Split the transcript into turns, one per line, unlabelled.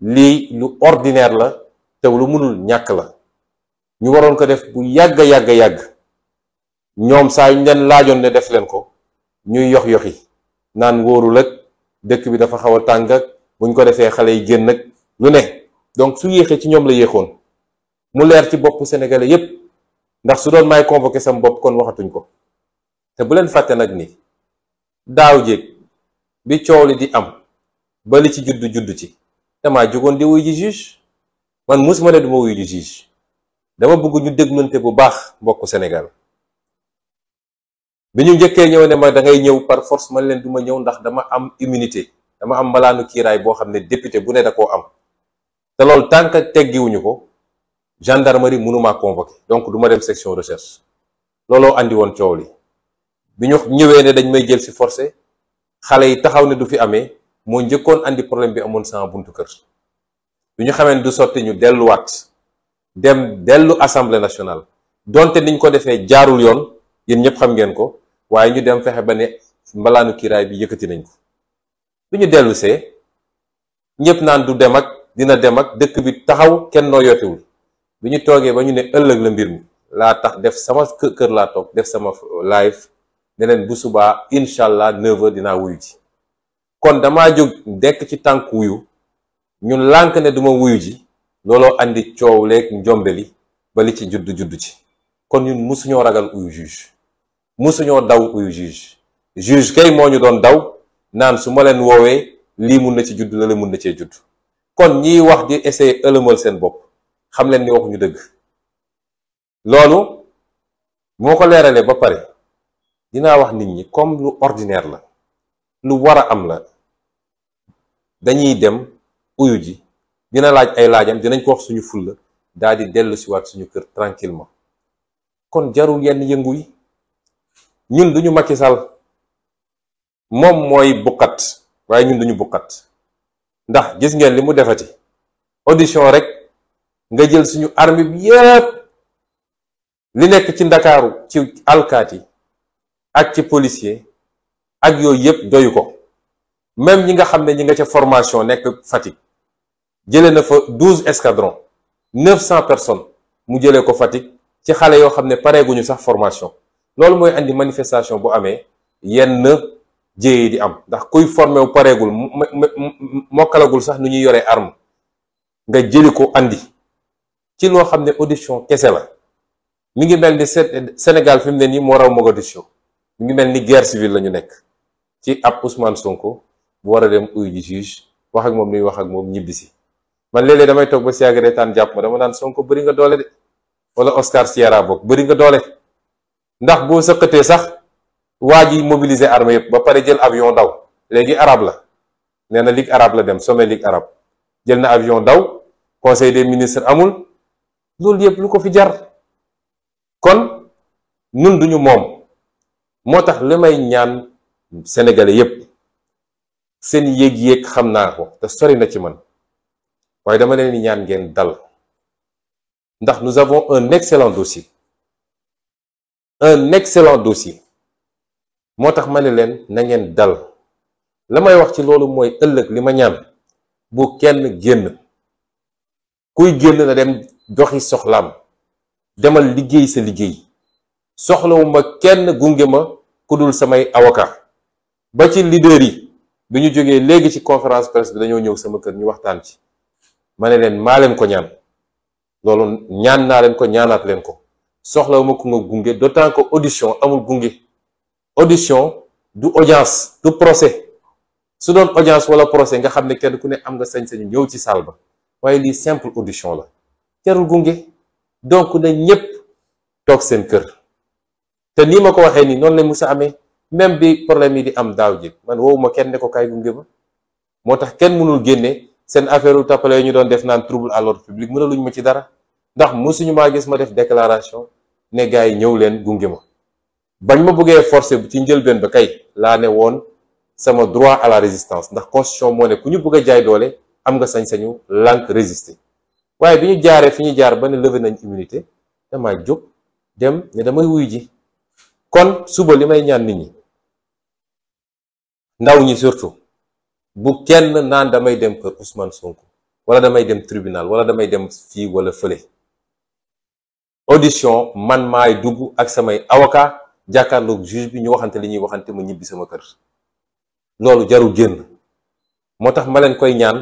lii lu ordinaire la te lu mënul ñàkk la ñu waroon ko def bu yàgg yàgg yàgg ñoom saa ñu leen laajoon ne def leen ko ñuy yox yoxi naan wóorul ak dëkk bi dafa xaw a tàng ak buñ ko defee xale yi génn nag lu ne donc su yéexee ci ñoom la yéexoon mu leer ci bopp senegale yépp ndax su doon may convoqué sam bopp kon waxatuñ ko te bu leen fàtte nag ni daaw jéeg bi coow li di am ba li ci juddu juddu ci. damaa jógoon di wuy ji juge man musuma ne duma wuy ji juge dama buggu ñu déglante bu baax mbokku Sénégal bi ñu njëkkee ñëw ne ma da ngay ñëw par force man leen du ma ñëw ndax dama am immunité dama am malaanu kiiraay boo xam ne député bu ne da koo am te loolu tànk teggiwuñu ko gendarmerie mënuma convoqué donc du ma dem section recherche looloo andi woon coow li bi ñu ñëwee ne dañ may jël si forcé xale yi taxaw ne du fi amee moo njëkkoon andi problème bi amoon sama buntu kër du ñu xamee du sotti ñu delluwaat dem dellu assemblée nationale donte niñ ko defee jaarul yoon yéen ñëpp xam ngeen ko waaye ñu dem fexe ba ne mbalaanu kiiraay bi yëkkati nañ ko du ñu dellu see ñëpp naan du dem ak dina dem ak dëkk bi taxaw kenn noo yootewul bi ñu toogee ba ñu ne ëllëg la mbir mi laa tax def sama kër laa toog def sama live ne bu subaa incha allah 9 dinaa wuyu ji kon dama jóg dekk ci tànk wuyu ñun lànk ne duma wuyu ji looloo indi coow leeg njombeli ba li ci juddu juddu ci kon ñun musuñoo ragal uyu juge musuñoo daw uyu juge juge kay moo ñu doon daw naan su ma leen woowee lii mun na ci juddu la la mun na cee juddu kon ñiy wax di essayer ëlëmal seen bopp xam leen ni waxuñu dëgg loolu moo ko leeralee ba pare dinaa wax nit ñi comme lu ordinaire la lu war a am la dañuy dem uyu ji dina laaj ay laajam dinañ ko wax suñu fulla daal di dellu siwaat suñu kër tranquillement kon jaru yenn yëngu yi ñun duñu Macky Sall moom mooy bukkat waaye ñun duñu bukkat ndax gis ngeen li mu defati audition rek nga jël suñu armée bi yépp li nekk ci ndakaaru ci alkaati ak ci policier ak yooyu yëpp doyu ko même ñi nga xam ne ñi nga ca formation nekk Fatick jëlee na fa douze escadrons neuf cent personnes mu jëlee ko Fatick ci xale yoo xam ne pareeguñu sax formation loolu mooy andi manifestation bu amee yenn jéye di am ndax kuy formé wu pareegul mokkalagul sax nu ñuy yoree arm nga jëli ko andi ci loo xam ne audition kese la mu ngi mel ni Sénégal fi mu ne nii moo raw Mogadiscio mi ngi mel ni guerre civile la ñu nekk. ci ab Ousmane Sonko bu war dem uyu ji juge wax ak moom li wax ak moom ñibbi si man léeg-léeg damay toog ba si yàgg reetaan jàpp ma dama naan Sonko bëri nga doole de wala Oscar Sierra bokk bëri nga doole ndax boo sëqatee sax waa ji mobiliser armée yëpp ba pare jël avion daw léegi arab la nee na ligue arabe la dem some ligue arabe jël na avion daw conseil des ministres amul loolu yëpp lu ko fi jar kon nun duñu moom moo tax li may ñaan sénégalais yépp seen yéeg-yéeg xam naa ko te sori na ci man waaye dama leen di ñaan ngeen dal ndax nous avons un excellent dossier un excellent dossier moo tax ma ne leen na ngeen dal la may wax ci loolu mooy ëllëg li ma ñaan bu kenn génn kuy génn na dem doxi soxlaam demal liggéey sa liggéey soxlawuma kenn gunge ma ku dul samay avocat ba ci leader yi bi ñu jógee léegi ci conférence presse bi dañoo ñëw sama kër ñu waxtaan ci ma ne leen maa leen ko ñaan loolu ñaan naa leen ko ñaanaat leen ko soxlawuma ku nga gunge d'autant que audition amul gunge audition du audience du procès su doon audience wala procès nga xam ne kenn ku ne am nga sañ-sañu ñëw ci salle ba waaye lii simple audition la jarul gunge donc na ñépp toog seen kër te nii ma ko waxee nii noonu la sa amee même bi problème yi di am daaw jëg man woowuma kenn ne ko kaay gunge ma moo tax kenn mënul génne seen affaire u tappale ñu doon def naan trouble à l'ordre public mënaluñ ma ci dara ndax mosuñu maa gis ma def déclaration ne gars yi ñëw leen gunge ma bañ ma buggee forcer bu ci njëlbeen ba kay laa ne woon sama droit à la résistance ndax constitution moo ne ku ñu bëgg a jaay doole am nga sañ-sañu lànk résister waaye bi ñu jaaree fi ñu jaar ba n levé nañ immunité dama jóg dem ne damay ji kon suba li may ñaan nit ñi ndaw ñi surtout bu kenn naan damay dem kër Ousmane Sonko wala damay dem tribunal wala damay dem fii wala fële audition man maay dugg ak samay avocat jàkkaarloog juge bi ñu waxante li ñuy waxante ma ñibbi sama kër loolu jaru génn moo tax ma leen koy ñaan